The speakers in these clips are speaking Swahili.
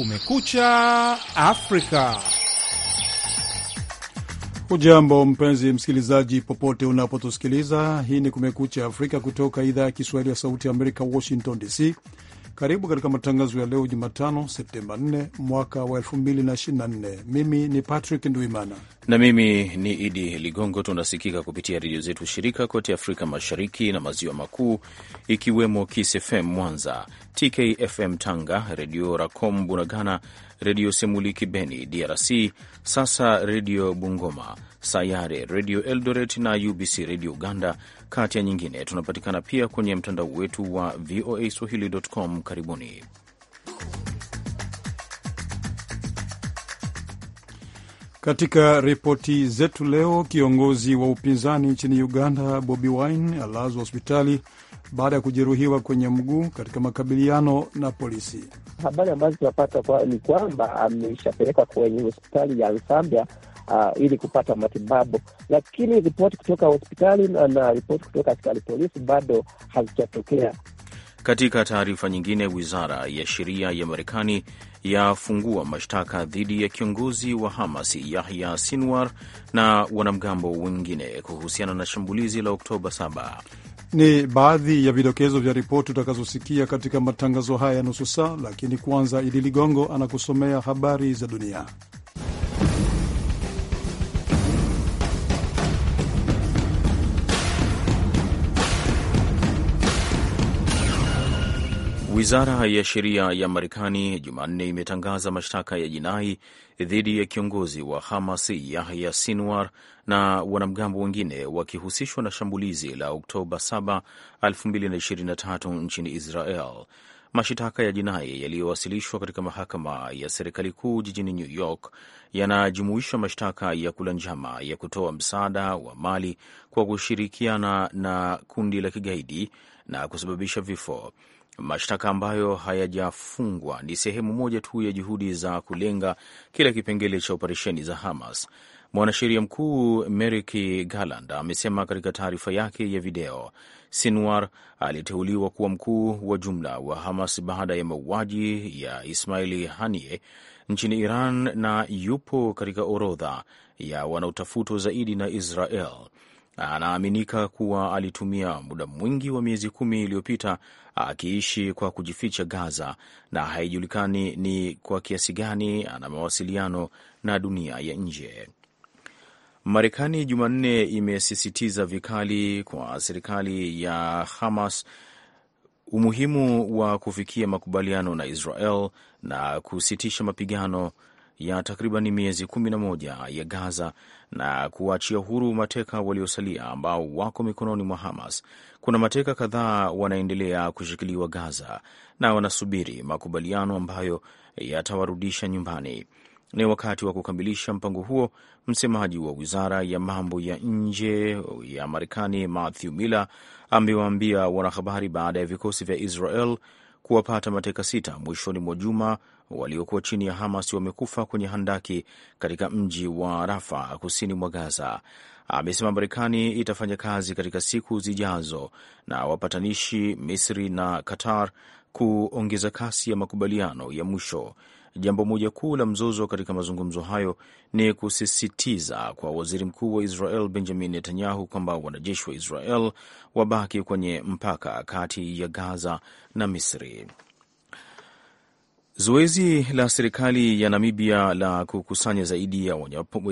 Kumekucha Afrika. Ujambo mpenzi msikilizaji, popote unapotusikiliza. Hii ni Kumekucha Afrika kutoka idhaa ya Kiswahili ya Sauti ya Amerika, Washington DC. Karibu katika matangazo ya leo Jumatano, Septemba 4 mwaka wa 2024. Mimi ni Patrick Ndwimana na mimi ni Idi Ligongo. Tunasikika kupitia redio zetu shirika kote Afrika Mashariki na Maziwa Makuu, ikiwemo KisFM Mwanza, TKFM Tanga, Redio Racom Bunagana, Redio Semuliki Beni DRC, Sasa Redio Bungoma, Sayare Redio Eldoret na UBC Redio Uganda, kati ya nyingine. Tunapatikana pia kwenye mtandao wetu wa VOA Swahili.com. Karibuni. Katika ripoti zetu leo, kiongozi wa upinzani nchini Uganda Bobi Wine alazwa hospitali baada ya kujeruhiwa kwenye mguu katika makabiliano na polisi. Habari ambazo tunapata kwa, ni kwamba ameshapelekwa kwenye hospitali ya Nsambya uh, ili kupata matibabu, lakini ripoti kutoka hospitali na, na ripoti kutoka askari polisi bado hazijatokea. Katika taarifa nyingine, wizara ya sheria ya Marekani yafungua mashtaka dhidi ya kiongozi wa Hamas Yahya Sinwar na wanamgambo wengine kuhusiana na shambulizi la Oktoba 7. Ni baadhi ya vidokezo vya ripoti utakazosikia katika matangazo haya ya nusu saa, lakini kwanza Idi Ligongo anakusomea habari za dunia. Wizara ya sheria ya Marekani Jumanne imetangaza mashtaka ya jinai dhidi ya kiongozi wa Hamas Yahya Sinwar na wanamgambo wengine wakihusishwa na shambulizi la Oktoba 7, 2023 nchini Israel. Mashitaka ya jinai yaliyowasilishwa katika mahakama ya serikali kuu jijini New York yanajumuisha mashtaka ya kula njama ya kutoa msaada wa mali kwa kushirikiana na kundi la kigaidi na kusababisha vifo Mashtaka ambayo hayajafungwa ni sehemu moja tu ya juhudi za kulenga kila kipengele cha operesheni za Hamas. Mwanasheria mkuu Merik Garland amesema katika taarifa yake ya video, Sinwar aliteuliwa kuwa mkuu wa jumla wa Hamas baada ya mauaji ya Ismaili hanie nchini Iran na yupo katika orodha ya wanaotafutwa zaidi na Israel. Anaaminika kuwa alitumia muda mwingi wa miezi kumi iliyopita akiishi kwa kujificha Gaza, na haijulikani ni kwa kiasi gani ana mawasiliano na dunia ya nje. Marekani Jumanne imesisitiza vikali kwa serikali ya Hamas umuhimu wa kufikia makubaliano na Israel na kusitisha mapigano ya takriban miezi na moja ya Gaza na kuwachia huru mateka waliosalia ambao wako mikononi mwa Hamas. Kuna mateka kadhaa wanaendelea kushikiliwa Gaza na wanasubiri makubaliano ambayo yatawarudisha nyumbani. Ni wakati wa kukamilisha mpango huo. Msemaji wa wizara ya mambo ya nje ya Marekani Matthew Miller amewaambia wanahabari baada ya vikosi vya Israel kuwapata mateka sita mwishoni mwa juma waliokuwa chini ya Hamas wamekufa kwenye handaki katika mji wa Rafa kusini mwa Gaza. Amesema Marekani itafanya kazi katika siku zijazo na wapatanishi Misri na Qatar kuongeza kasi ya makubaliano ya mwisho. Jambo moja kuu la mzozo katika mazungumzo hayo ni kusisitiza kwa waziri mkuu wa Israel Benjamin Netanyahu kwamba wanajeshi wa Israel wabaki kwenye mpaka kati ya Gaza na Misri. Zoezi la serikali ya Namibia la kukusanya zaidi ya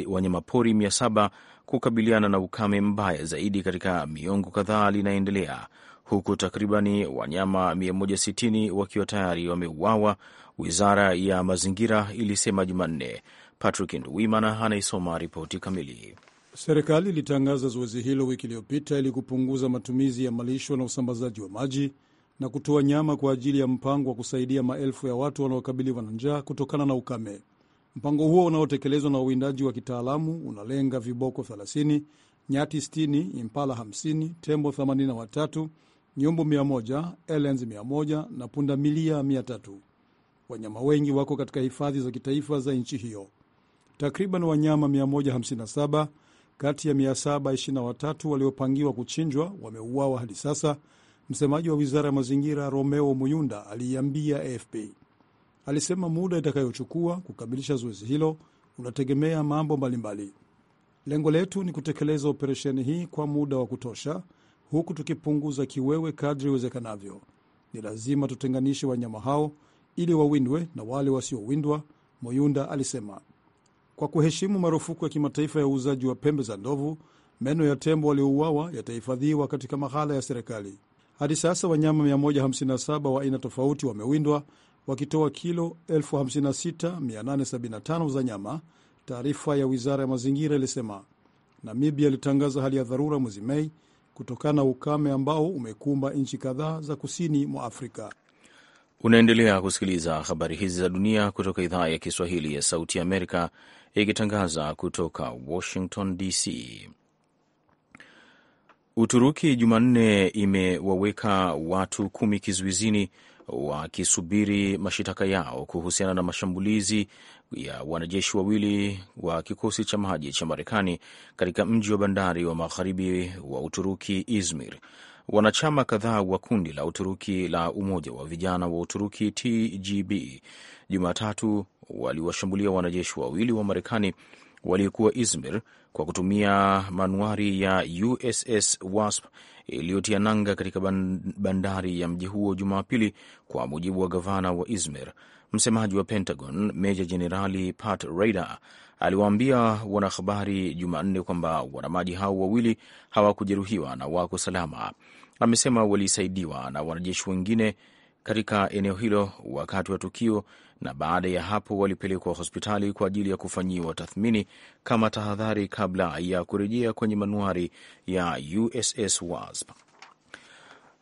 wanyamapori mia saba kukabiliana na ukame mbaya zaidi katika miongo kadhaa linaendelea huku takribani wanyama 160 wakiwa tayari wameuawa, wizara ya mazingira ilisema Jumanne. Patrick Nduwimana anaisoma ripoti kamili. Serikali ilitangaza zoezi hilo wiki iliyopita ili kupunguza matumizi ya malisho na usambazaji wa maji na kutoa nyama kwa ajili ya mpango wa kusaidia maelfu ya watu wanaokabiliwa na njaa kutokana na ukame. Mpango huo unaotekelezwa na uwindaji wa kitaalamu unalenga viboko 30, nyati 60, impala 50, tembo 83, nyumbu 100, elands 100 na pundamilia 300. Wanyama wengi wako katika hifadhi za kitaifa za nchi hiyo. Takriban wanyama 157 kati ya 723 waliopangiwa kuchinjwa wameuawa hadi sasa Msemaji wa wizara ya mazingira Romeo Muyunda aliiambia AFP alisema muda itakayochukua kukamilisha zoezi hilo unategemea mambo mbalimbali. Lengo letu ni kutekeleza operesheni hii kwa muda wa kutosha, huku tukipunguza kiwewe kadri iwezekanavyo. Ni lazima tutenganishe wanyama hao ili wawindwe na wale wasiowindwa, Muyunda alisema. Kwa kuheshimu marufuku ya kimataifa ya uuzaji wa pembe za ndovu, meno ya tembo waliouawa yatahifadhiwa katika mahala ya serikali. Hadi sasa wanyama 157 wa aina tofauti wamewindwa wakitoa kilo 56875 za nyama, taarifa ya wizara ya mazingira ilisema. Namibia ilitangaza hali ya dharura mwezi Mei kutokana na ukame ambao umekumba nchi kadhaa za kusini mwa Afrika. Unaendelea kusikiliza habari hizi za dunia kutoka idhaa ya Kiswahili ya Sauti ya Amerika, ikitangaza kutoka Washington DC. Uturuki Jumanne imewaweka watu kumi kizuizini wakisubiri mashitaka yao kuhusiana na mashambulizi ya wanajeshi wawili wa kikosi cha maji cha Marekani katika mji wa bandari wa magharibi wa Uturuki, Izmir. Wanachama kadhaa wa kundi la Uturuki la Umoja wa Vijana wa Uturuki, TGB, Jumatatu waliwashambulia wanajeshi wawili wa Marekani waliokuwa Izmir kwa kutumia manuari ya USS Wasp iliyotia nanga katika bandari ya mji huo Jumapili, kwa mujibu wa gavana wa Izmir. Msemaji wa Pentagon meja jenerali Pat Ryder aliwaambia wanahabari Jumanne kwamba wanamaji hao wawili hawakujeruhiwa na wako salama. Amesema walisaidiwa na wanajeshi wengine katika eneo hilo wakati wa tukio, na baada ya hapo walipelekwa hospitali kwa ajili ya kufanyiwa tathmini kama tahadhari kabla ya kurejea kwenye manuari ya USS Wasp.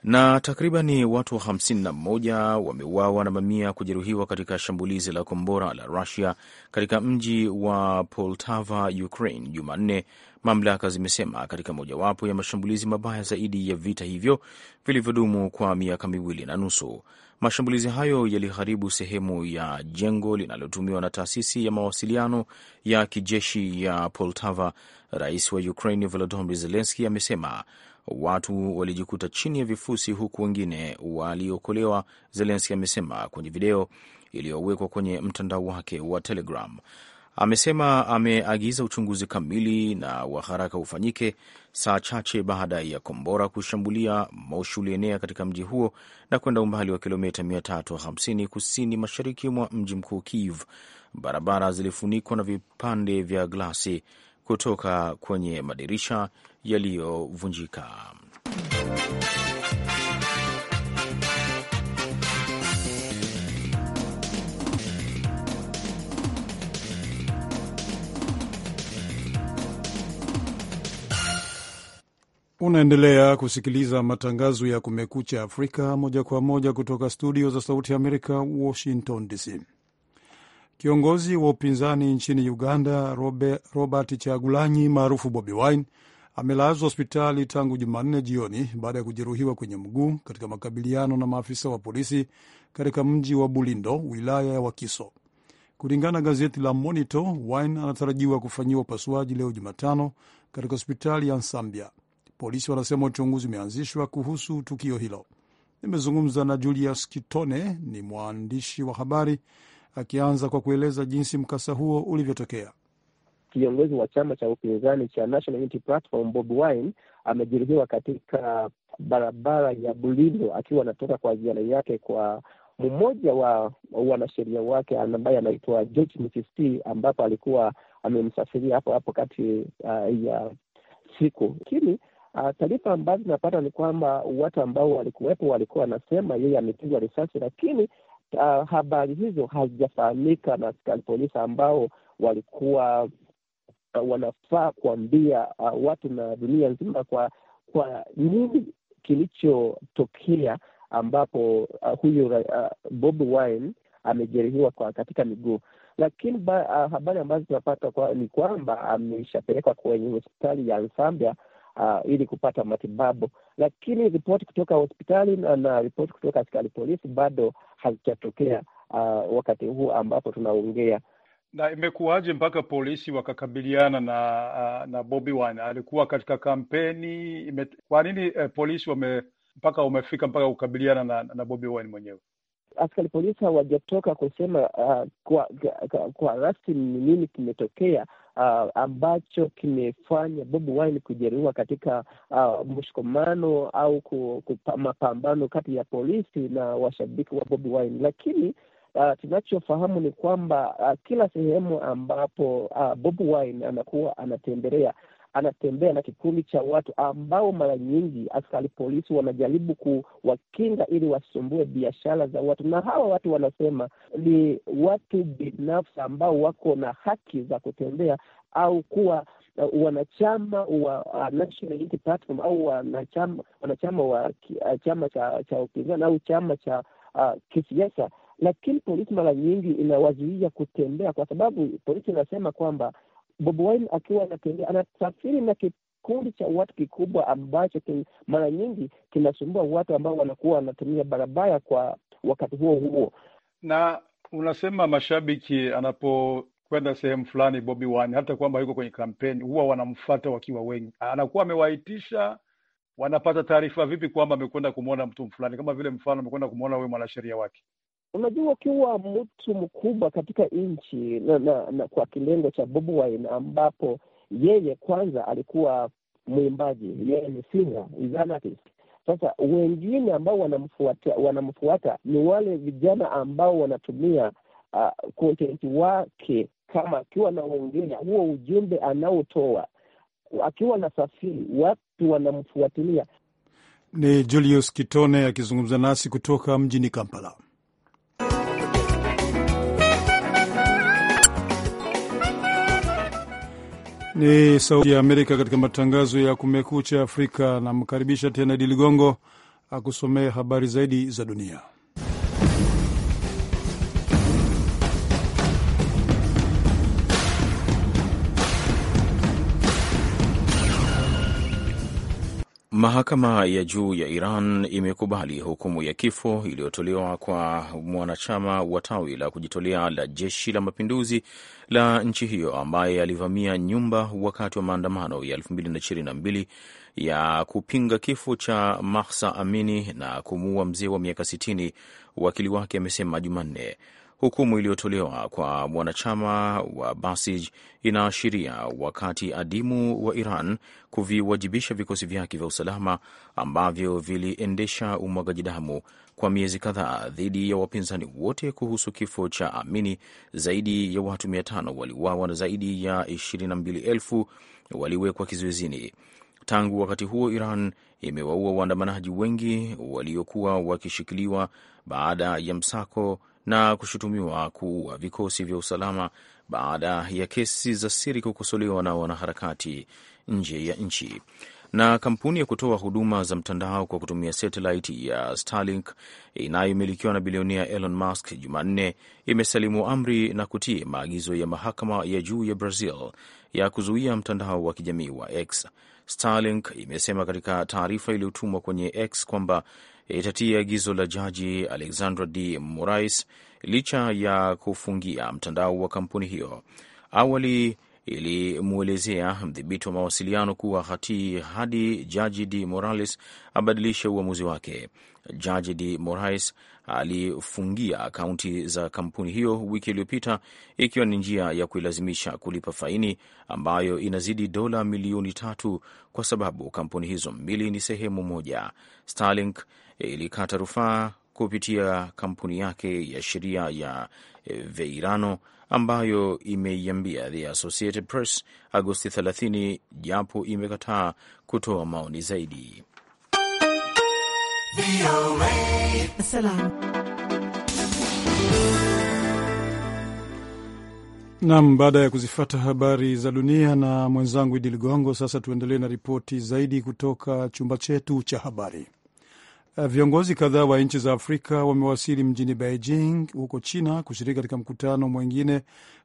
Na takribani watu 51 wameuawa na mamia kujeruhiwa katika shambulizi la kombora la Rusia katika mji wa Poltava, Ukraine Jumanne, mamlaka zimesema katika mojawapo ya mashambulizi mabaya zaidi ya vita hivyo vilivyodumu kwa miaka miwili na nusu. Mashambulizi hayo yaliharibu sehemu ya jengo linalotumiwa na taasisi ya mawasiliano ya kijeshi ya Poltava. Rais wa Ukraine Volodymyr zelenski amesema watu walijikuta chini ya vifusi huku wengine waliokolewa. zelenski amesema kwenye video iliyowekwa kwenye mtandao wake wa Telegram amesema ameagiza uchunguzi kamili na wa haraka ufanyike saa chache baada ya kombora kushambulia Moshi ulienea katika mji huo na kwenda umbali wa kilomita 350 kusini mashariki mwa mji mkuu Kiev. Barabara zilifunikwa na vipande vya glasi kutoka kwenye madirisha yaliyovunjika. Unaendelea kusikiliza matangazo ya Kumekucha Afrika moja kwa moja kutoka studio za Sauti ya Amerika, Washington DC. Kiongozi wa upinzani nchini Uganda Robert Chagulanyi maarufu Bobi Wine amelazwa hospitali tangu Jumanne jioni baada ya kujeruhiwa kwenye mguu katika makabiliano na maafisa wa polisi katika mji wa Bulindo, wilaya ya Wakiso. Kulingana na gazeti la Monitor, Wine anatarajiwa kufanyiwa upasuaji leo Jumatano katika hospitali ya Nsambia. Polisi wanasema uchunguzi umeanzishwa kuhusu tukio hilo. Nimezungumza na Julius Kitone, ni mwandishi wa habari, akianza kwa kueleza jinsi mkasa huo ulivyotokea. Kiongozi wa chama cha upinzani cha National Unity Platform Wine amejeruhiwa katika barabara ya Bulindo akiwa anatoka kwa ziara yake kwa mmoja wa wanasheria wake ambaye anaitwa George ambapo alikuwa amemsafiria hapo hapo kati uh, ya siku lakini Uh, taarifa ambazo zinapata ni kwamba watu ambao walikuwepo walikuwa wanasema yeye amepigwa risasi, lakini uh, habari hizo hazijafahamika na askari polisi ambao walikuwa uh, wanafaa kuambia uh, watu na dunia nzima kwa kwa nini kilichotokea ambapo uh, huyu uh, Bob Wine amejeruhiwa kwa katika miguu lakini ba, uh, habari ambazo tunapata kwa, ni kwamba ameshapelekwa kwenye hospitali ya Nsambia uh, ili kupata matibabu, lakini ripoti kutoka hospitali na, na ripoti kutoka askari polisi bado hazijatokea uh, wakati huu ambapo tunaongea na imekuwaje mpaka polisi wakakabiliana na uh, na Bobi Wine? Alikuwa katika kampeni ime... kwa nini eh, polisi wame mpaka wamefika mpaka kukabiliana na, na Bobi Wine mwenyewe? Askari polisi hawajatoka kusema uh, kwa, kwa, kwa rasmi ni nini kimetokea, uh, ambacho kimefanya Bobi Wine kujeruhiwa katika uh, mshikamano au mapambano kati ya polisi na washabiki wa Bobi Wine, lakini Uh, tunachofahamu ni kwamba uh, kila sehemu ambapo uh, Bobi Wine anakuwa anatembelea anatembea na kikundi cha watu ambao mara nyingi askari polisi wanajaribu kuwakinga ili wasumbue biashara za watu, na hawa watu wanasema ni watu binafsi ambao wako na haki za kutembea au kuwa uh, wanachama wa uh, National Unity Platform au wanachama wanachama wa uh, chama cha cha upinzani au chama cha uh, kisiasa, lakini polisi mara nyingi inawazuia kutembea, kwa sababu polisi inasema kwamba Bobi Wine akiwa anatembea anasafiri na kikundi cha watu kikubwa ambacho mara nyingi kinasumbua watu ambao wanakuwa wanatumia barabara kwa wakati huo huo. Na unasema mashabiki anapokwenda sehemu fulani, Bobi Wine hata kwamba yuko kwenye kampeni, huwa wanamfata wakiwa wengi, anakuwa amewaitisha wanapata taarifa vipi kwamba amekwenda kumwona mtu fulani, kama vile mfano amekwenda kumwona huyo mwanasheria wake? Unajua, ukiwa mtu mkubwa katika nchi na, na, na kwa kilengo cha Bobi Wine ambapo yeye kwanza alikuwa mwimbaji, yeye ni singer, is an artist. Sasa wengine ambao wanamfuata wanamfuata ni wale vijana ambao wanatumia uh, content wake kama akiwa na wengine, huo ujumbe anaotoa akiwa na safiri, watu wanamfuatilia. Ni Julius Kitone akizungumza nasi kutoka mjini Kampala. Ni Sauti ya Amerika katika matangazo ya Kumekucha Afrika. Namkaribisha tena Idi Ligongo akusomee habari zaidi za dunia. Mahakama ya juu ya Iran imekubali hukumu ya kifo iliyotolewa kwa mwanachama wa tawi la kujitolea la jeshi la mapinduzi la nchi hiyo ambaye alivamia nyumba wakati wa maandamano ya 2022 ya kupinga kifo cha Mahsa Amini na kumuua mzee wa miaka 60, wakili wake amesema Jumanne. Hukumu iliyotolewa kwa mwanachama wa Basij inaashiria wakati adimu wa Iran kuviwajibisha vikosi vyake vya usalama ambavyo viliendesha umwagaji damu kwa miezi kadhaa dhidi ya wapinzani wote kuhusu kifo cha Amini. Zaidi ya watu 5 waliuawa na zaidi ya 22,000 waliwekwa kizuizini. Tangu wakati huo Iran imewaua waandamanaji wengi waliokuwa wakishikiliwa baada ya msako na kushutumiwa kuua vikosi vya usalama baada ya kesi za siri kukosolewa na wanaharakati nje ya nchi. Na kampuni ya kutoa huduma za mtandao kwa kutumia satellite ya Starlink inayomilikiwa na bilionea Elon Musk Jumanne imesalimu amri na kutii maagizo ya mahakama ya juu ya Brazil ya kuzuia mtandao wa kijamii wa X. Starlink imesema katika taarifa iliyotumwa kwenye X kwamba itatii agizo la Jaji Alexandra D Morais licha ya kufungia mtandao wa kampuni hiyo. Awali ilimwelezea mdhibiti wa mawasiliano kuwa hatii hadi Jaji D Morales abadilishe uamuzi wake. Jaji D Morais alifungia akaunti za kampuni hiyo wiki iliyopita, ikiwa ni njia ya kuilazimisha kulipa faini ambayo inazidi dola milioni tatu kwa sababu kampuni hizo mbili ni sehemu moja. Starlink ilikata rufaa kupitia kampuni yake ya sheria ya e, Veirano ambayo imeiambia The Associated Press Agosti 30 japo imekataa kutoa maoni zaidi. Nam, baada ya kuzifata habari za dunia na mwenzangu Idi Ligongo, sasa tuendelee na ripoti zaidi kutoka chumba chetu cha habari. Eh, viongozi kadhaa wa nchi za Afrika wamewasili mjini Beijing huko China kushiriki katika mkutano mwingine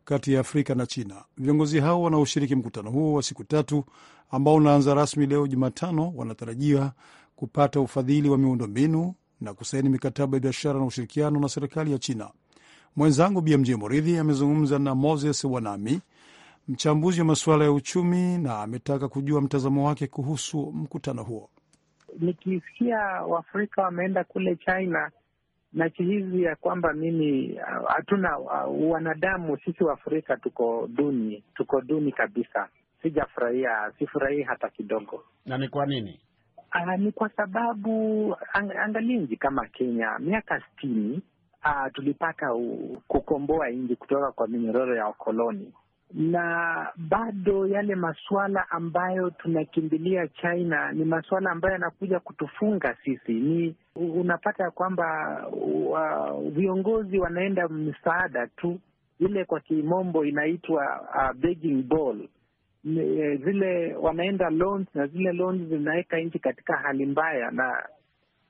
kati ya Afrika na China. Viongozi hao wanaoshiriki mkutano huo wa siku tatu ambao unaanza rasmi leo Jumatano wanatarajia kupata ufadhili wa miundombinu na kusaini mikataba ya biashara na ushirikiano na serikali ya China. Mwenzangu BMJ Moridhi amezungumza na Moses Wanami, mchambuzi wa masuala ya uchumi, na ametaka kujua mtazamo wake kuhusu mkutano huo nikisikia Waafrika wameenda kule China na chihizi ya kwamba mimi uh, hatuna uh, wanadamu sisi Waafrika tuko duni, tuko duni kabisa. Sijafurahia, sifurahii hata kidogo. Na ni kwa nini? Uh, ni kwa sababu ang, angalia nchi kama Kenya miaka sitini, uh, tulipata u, kukomboa nchi kutoka kwa minyororo ya wakoloni na bado yale masuala ambayo tunakimbilia China ni masuala ambayo yanakuja kutufunga sisi. Ni unapata ya kwamba uh, viongozi wanaenda msaada tu, ile kwa kimombo inaitwa uh, begging ball. E, zile wanaenda loans na zile loans zinaweka nchi katika hali mbaya, na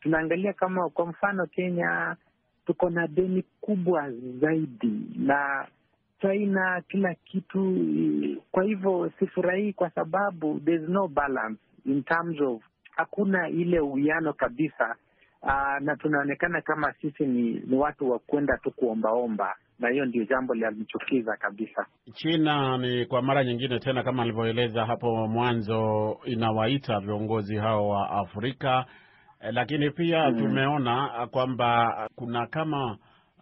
tunaangalia kama kwa mfano Kenya tuko na deni kubwa zaidi na China kila kitu. Kwa hivyo sifurahii kwa sababu there's no balance in terms of, hakuna ile uwiano kabisa. Aa, ah, na tunaonekana kama sisi ni, ni watu wa kwenda tu kuombaomba na hiyo ndio jambo linalonichukiza kabisa. China ni kwa mara nyingine tena, kama alivyoeleza hapo mwanzo, inawaita viongozi hao wa Afrika eh, lakini pia mm, tumeona kwamba kuna kama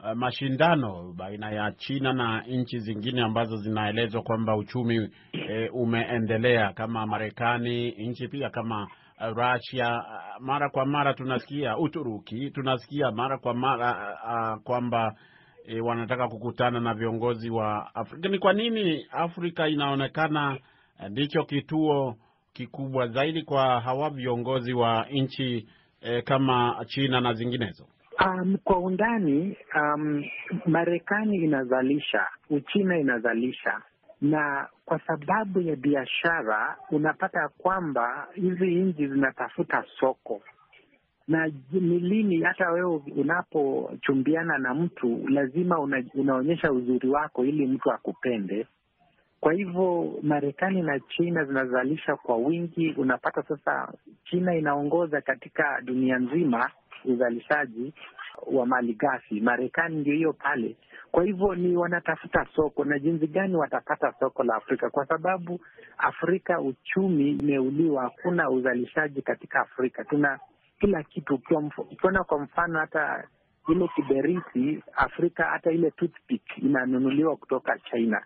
Eh, mashindano baina ya China na nchi zingine ambazo zinaelezwa kwamba uchumi e, umeendelea kama Marekani, nchi pia kama eh, Russia. Mara kwa mara tunasikia Uturuki, tunasikia mara kwa mara a, kwamba e, wanataka kukutana na viongozi wa Afrika. Ni kwa nini Afrika inaonekana ndicho kituo kikubwa zaidi kwa hawa viongozi wa nchi e, kama China na zinginezo? Um, kwa undani um, Marekani inazalisha, Uchina inazalisha na kwa sababu ya biashara unapata kwamba hizi nchi zinatafuta soko, na ni lini, hata wewe unapochumbiana na mtu lazima una, unaonyesha uzuri wako ili mtu akupende. Kwa hivyo Marekani na China zinazalisha kwa wingi, unapata sasa China inaongoza katika dunia nzima uzalishaji wa mali ghafi. Marekani ndio hiyo pale. Kwa hivyo ni wanatafuta soko na jinsi gani watapata soko la Afrika, kwa sababu Afrika uchumi imeuliwa, hakuna uzalishaji katika Afrika. Tuna kila kitu. Ukiona kwa mfano hata ile kiberiti Afrika, hata ile toothpick inanunuliwa kutoka China.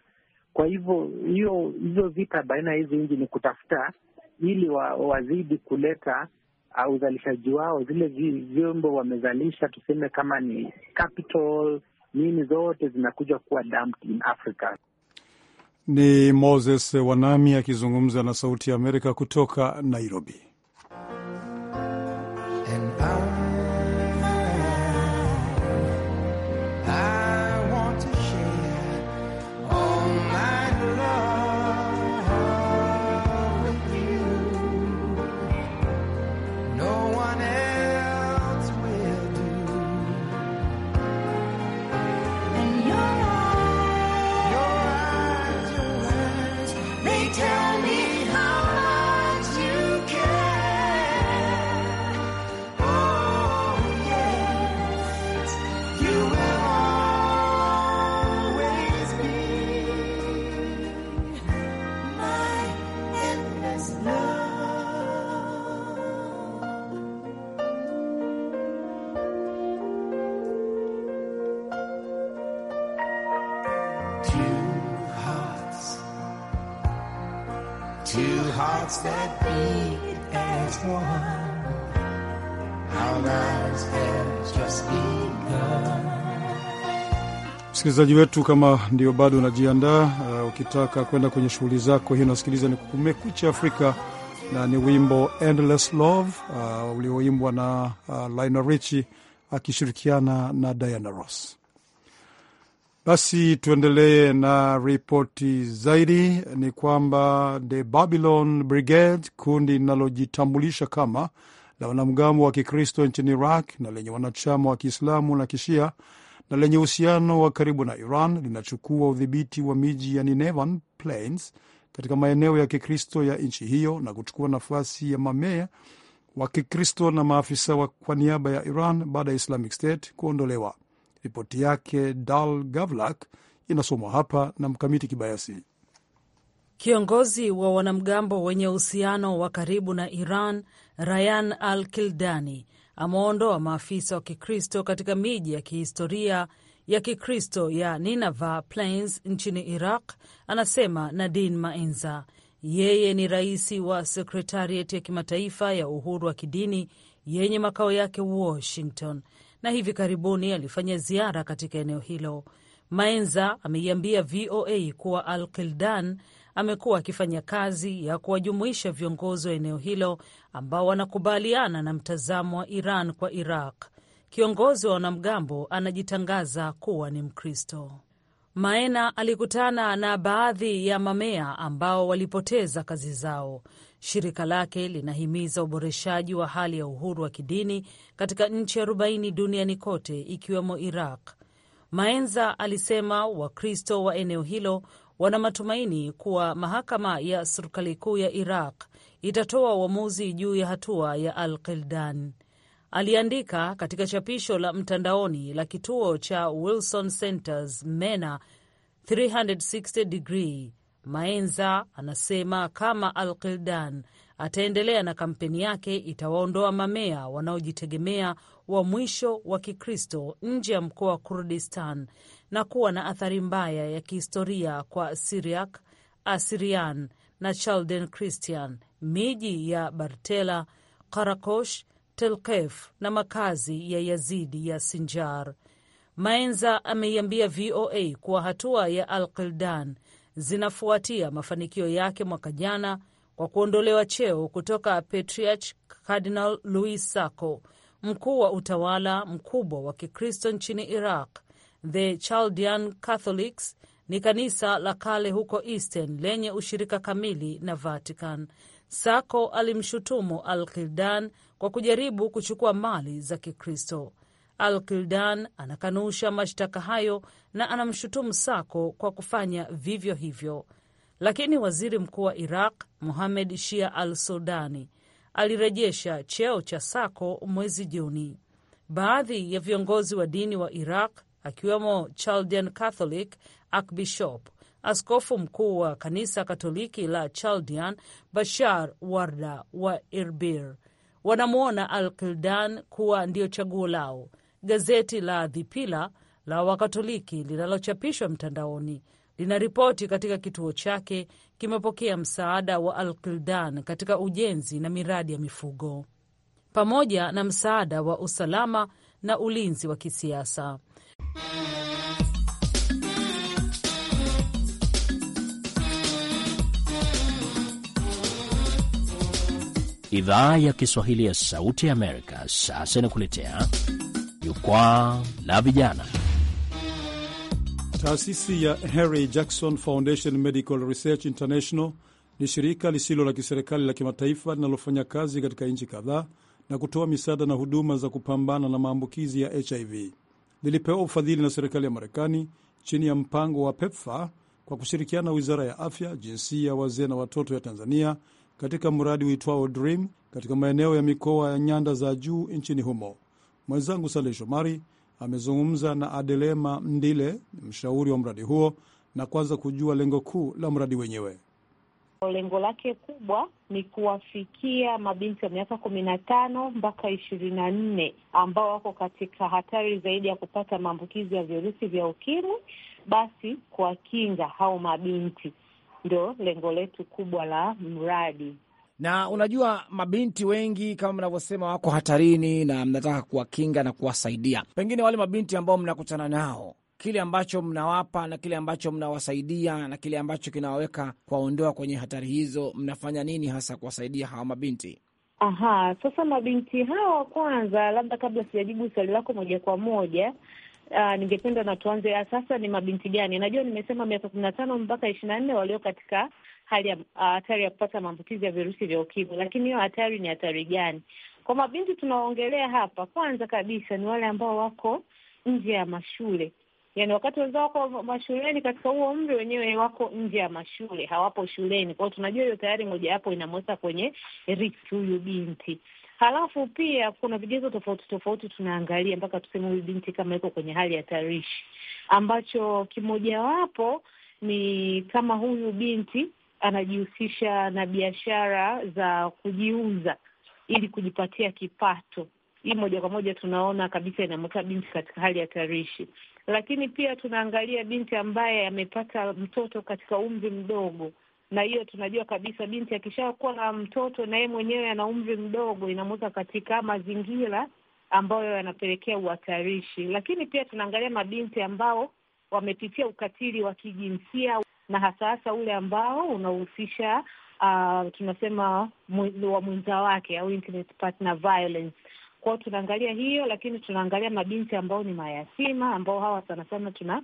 Kwa hivyo hiyo hizo vita baina ya hizi nchi ni kutafuta ili wa, wazidi kuleta Uh, uzalishaji wao, zile vyombo wamezalisha, tuseme kama ni capital nini, zote zinakuja kuwa dumped in Africa. Ni Moses Wanami akizungumza na Sauti ya Amerika kutoka Nairobi. Two hearts that beat as one. Our lives have just begun. Msikilizaji wetu, kama ndio bado unajiandaa, uh, ukitaka kwenda kwenye shughuli zako, hii unasikiliza ni Kumekucha Afrika na ni wimbo Endless Love uh, ulioimbwa na uh, Lionel Richie akishirikiana na Diana Ross. Basi tuendelee na ripoti zaidi. Ni kwamba The Babylon Brigade, kundi linalojitambulisha kama la wanamgambo wa Kikristo nchini Iraq na lenye wanachama wa Kiislamu na Kishia na lenye uhusiano wa karibu na Iran, linachukua udhibiti wa miji ya Ninevan Plains katika maeneo ya Kikristo ya nchi hiyo na kuchukua nafasi ya mamea wa Kikristo na maafisa wa kwa niaba ya Iran baada ya Islamic State kuondolewa. Ripoti yake Dal Gavlak inasomwa hapa na Mkamiti Kibayasi. Kiongozi wa wanamgambo wenye uhusiano wa karibu na Iran, Rayan al Kildani, ameondoa maafisa wa Kikristo katika miji ya kihistoria ya Kikristo ya Ninava Plains nchini Iraq, anasema nadin Maenza. Yeye ni rais wa Sekretariat ya Kimataifa ya Uhuru wa Kidini yenye makao yake Washington na hivi karibuni alifanya ziara katika eneo hilo. Maenza ameiambia VOA kuwa Al Kildan amekuwa akifanya kazi ya kuwajumuisha viongozi wa eneo hilo ambao wanakubaliana na mtazamo wa Iran kwa Iraq. Kiongozi wa wanamgambo anajitangaza kuwa ni Mkristo. Maena alikutana na baadhi ya mamea ambao walipoteza kazi zao. Shirika lake linahimiza uboreshaji wa hali ya uhuru wa kidini katika nchi 40 duniani kote ikiwemo Iraq. Maenza alisema Wakristo wa eneo hilo wana matumaini kuwa mahakama ya serikali kuu ya Iraq itatoa uamuzi juu ya hatua ya Al Qildan aliandika katika chapisho la mtandaoni la kituo cha Wilson Centers Mena 360 degree. Maenza anasema kama Al-Qildan ataendelea na kampeni yake, itawaondoa mamea wanaojitegemea wa mwisho wa Kikristo nje ya mkoa wa Kurdistan na kuwa na athari mbaya ya kihistoria kwa siriak asirian na chalden Christian. Miji ya Bartela, Karakosh Telkef na makazi ya Yazidi ya Sinjar. Maenza ameiambia VOA kuwa hatua ya Al-Qildan zinafuatia mafanikio yake mwaka jana kwa kuondolewa cheo kutoka Patriarch Cardinal Louis Sako, mkuu wa utawala mkubwa wa Kikristo nchini Iraq. The Chaldean Catholics ni kanisa la kale huko Eastern lenye ushirika kamili na Vatican Sako alimshutumu Al Kildan kwa kujaribu kuchukua mali za Kikristo. Al Kildan anakanusha mashtaka hayo na anamshutumu Sako kwa kufanya vivyo hivyo, lakini waziri mkuu wa Iraq Muhamed Shia Al Sudani alirejesha cheo cha Sako mwezi Juni. Baadhi ya viongozi wa dini wa Iraq akiwemo Chaldean Catholic Archbishop Askofu mkuu wa kanisa Katoliki la chaldian Bashar Warda wa Irbir wanamwona Al Kildan kuwa ndiyo chaguo lao. Gazeti la dhipila la Wakatoliki linalochapishwa mtandaoni linaripoti katika kituo chake kimepokea msaada wa Al Kildan katika ujenzi na miradi ya mifugo pamoja na msaada wa usalama na ulinzi wa kisiasa. Idhaa ya Kiswahili ya Sauti ya Amerika sasa inakuletea jukwaa la vijana. Taasisi ya Henry Jackson Foundation Medical Research International ni shirika lisilo la kiserikali la kimataifa linalofanya kazi katika nchi kadhaa na kutoa misaada na huduma za kupambana na maambukizi ya HIV. Lilipewa ufadhili na serikali ya Marekani chini ya mpango wa PEPFAR kwa kushirikiana na Wizara ya Afya, Jinsia, Wazee na Watoto ya Tanzania katika mradi uitwao Dream katika maeneo ya mikoa ya nyanda za juu nchini humo. Mwenzangu Saleh Shomari amezungumza na Adelema Mdile, mshauri wa mradi huo, na kwanza kujua lengo kuu la mradi wenyewe. Lengo lake kubwa ni kuwafikia mabinti wa miaka kumi na tano mpaka ishirini na nne ambao wako katika hatari zaidi ya kupata maambukizi ya virusi vya ukimwi, basi kuwakinga hao mabinti ndio lengo letu kubwa la mradi. Na unajua, mabinti wengi kama mnavyosema, wako hatarini na mnataka kuwakinga na kuwasaidia. Pengine wale mabinti ambao mnakutana nao, kile ambacho mnawapa na kile ambacho mnawasaidia na kile ambacho kinawaweka kuwaondoa kwenye hatari hizo, mnafanya nini hasa kuwasaidia hawa mabinti? Aha, sasa mabinti hawa kwanza, labda kabla sijajibu swali lako moja kwa moja, uh, ningependa na tuanze ah, sasa, ni mabinti gani? Najua nimesema miaka kumi na tano mpaka ishirini na nne walio katika hali ya ah, hatari ya kupata maambukizi ya virusi vya ukimwi, lakini hiyo hatari ni hatari gani? Kwa mabinti tunaoongelea hapa, kwanza kabisa ni wale ambao wako nje ya mashule Yani wakati wenzao wako mashuleni, katika huo umri wenyewe wako nje ya mashule, hawapo shuleni kwao. Tunajua hiyo tayari mojawapo inamweka kwenye riski huyu binti. Halafu pia kuna vigezo tofauti tofauti tunaangalia mpaka tuseme huyu binti kama iko kwenye hali hatarishi, ambacho kimojawapo ni kama huyu binti anajihusisha na biashara za kujiuza ili kujipatia kipato. Hii moja kwa moja tunaona kabisa inamweka binti katika hali hatarishi, lakini pia tunaangalia binti ambaye amepata mtoto katika umri mdogo na hiyo tunajua kabisa binti akishakuwa na mtoto na yeye mwenyewe ana umri mdogo, inamuweka katika mazingira ambayo yanapelekea uhatarishi. Lakini pia tunaangalia mabinti ambao wamepitia ukatili wa kijinsia na hasa hasa ule ambao unahusisha uh, tunasema wa mwenza wake au intimate partner violence. Kwao tunaangalia hiyo, lakini tunaangalia mabinti ambao ni mayatima, ambao hawa sana sana tuna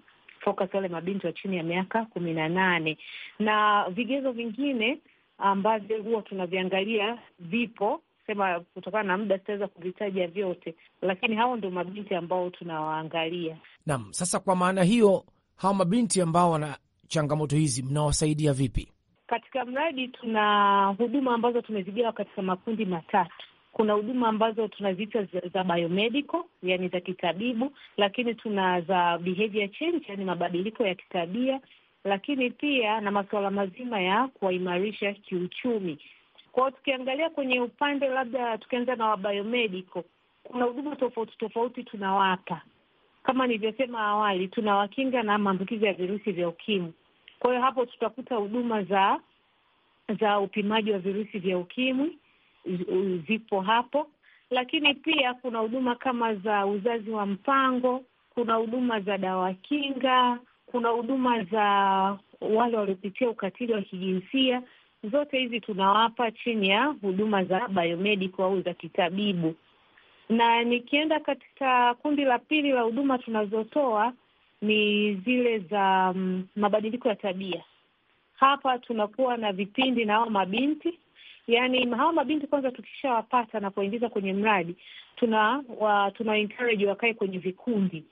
focus wale mabinti wa chini ya miaka kumi na nane na vigezo vingine ambavyo huwa tunaviangalia vipo sema, kutokana na muda sitaweza kuvitaja vyote, lakini hao ndio mabinti ambao tunawaangalia. Naam, sasa kwa maana hiyo, hawa mabinti ambao wana changamoto hizi mnawasaidia vipi? Katika mradi tuna huduma ambazo tumezigawa katika makundi matatu. Kuna huduma ambazo tunaziita za biomedical, yani za kitabibu, lakini tuna za behavior change, yani mabadiliko ya kitabia, lakini pia na masuala mazima ya kuwaimarisha kiuchumi. Kwa hiyo tukiangalia kwenye upande labda, tukianza na wabayomedico kuna huduma tofauti tofauti tunawapa kama nilivyosema awali, tunawakinga na maambukizi ya virusi vya ukimwi. Kwa hiyo hapo tutakuta huduma za za upimaji wa virusi vya ukimwi, zipo hapo, lakini pia kuna huduma kama za uzazi wa mpango, kuna huduma za dawa kinga, kuna huduma za wale waliopitia ukatili wa kijinsia. Zote hizi tunawapa chini ya huduma za biomedical au za kitabibu. Na nikienda katika kundi la pili la huduma tunazotoa ni zile za mm, mabadiliko ya tabia. Hapa tunakuwa na vipindi na hao mabinti Yani hawa mabinti kwanza, tukishawapata na kuwaingiza kwenye mradi, tuna wa, tuna encourage wakae kwenye vikundi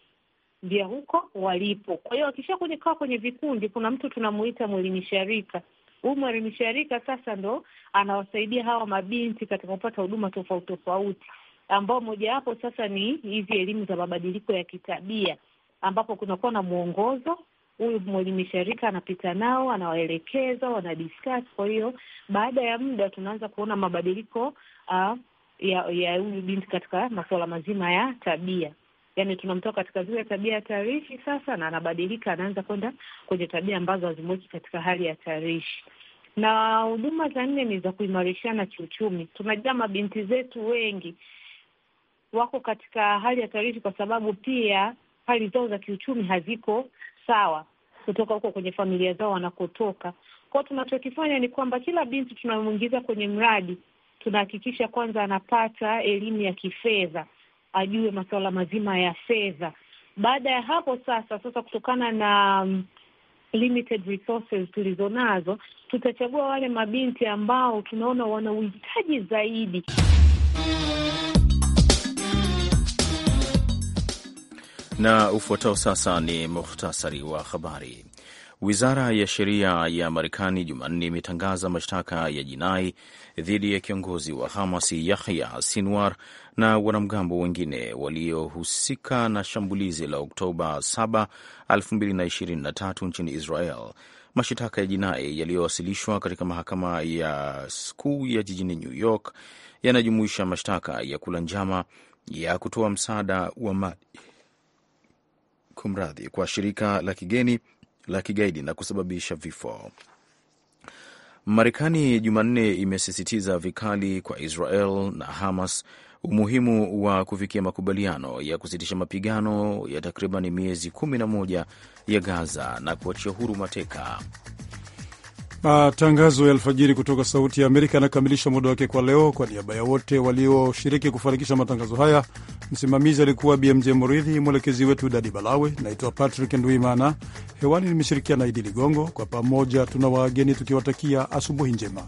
vya huko walipo. Kwa hiyo wakisha kwenye kaa kwenye vikundi, kuna mtu tunamuita mwalimu sharika. Huyu mwalimu sharika sasa ndo anawasaidia hawa mabinti katika kupata huduma tofauti tofauti, ambao mojawapo sasa ni hizi elimu za mabadiliko ya kitabia, ambapo kunakuwa na mwongozo huyu mwelimisha anapita nao, anawaelekeza, wanadiscuss. Kwa hiyo baada ya muda tunaanza kuona mabadiliko uh, ya huyu binti katika masuala mazima ya tabia yaani tunamtoa katika zile tabia ya tarishi sasa, na anabadilika, anaanza kwenda kwenye tabia ambazo hazimweki katika hali ya tarishi. Na huduma za nne ni za kuimarishana kiuchumi. Tunajua mabinti zetu wengi wako katika hali ya tarishi kwa sababu pia hali zao za kiuchumi haziko sawa kutoka huko kwenye familia zao wanakotoka. Kwao tunachokifanya ni kwamba kila binti tunamwingiza kwenye mradi, tunahakikisha kwanza anapata elimu ya kifedha, ajue masuala mazima ya fedha. Baada ya hapo sasa, sasa kutokana na um, limited resources tulizonazo, tutachagua wale mabinti ambao tunaona wana uhitaji zaidi Na ufuatao sasa ni muhtasari wa habari. Wizara ya sheria ya Marekani Jumanne imetangaza mashtaka ya jinai dhidi ya kiongozi wa Hamas Yahya Sinwar na wanamgambo wengine waliohusika na shambulizi la Oktoba 7, 2023 nchini Israel. Mashitaka ya jinai yaliyowasilishwa katika mahakama ya kuu ya jijini New York yanajumuisha mashtaka ya kula njama ya kutoa msaada wa mali kumradhi, kwa shirika la kigeni la kigaidi na kusababisha vifo. Marekani Jumanne imesisitiza vikali kwa Israel na Hamas umuhimu wa kufikia makubaliano ya kusitisha mapigano ya takriban miezi 11 ya Gaza na kuachia huru mateka. Matangazo ya alfajiri kutoka Sauti ya Amerika yanakamilisha muda wake kwa leo. Kwa niaba ya wote walioshiriki kufanikisha matangazo haya, msimamizi alikuwa BMJ Muridhi, mwelekezi wetu Dadi Balawe. Naitwa Patrick nduimana hewani nimeshirikiana Idi Ligongo. Kwa pamoja tuna wageni tukiwatakia asubuhi njema.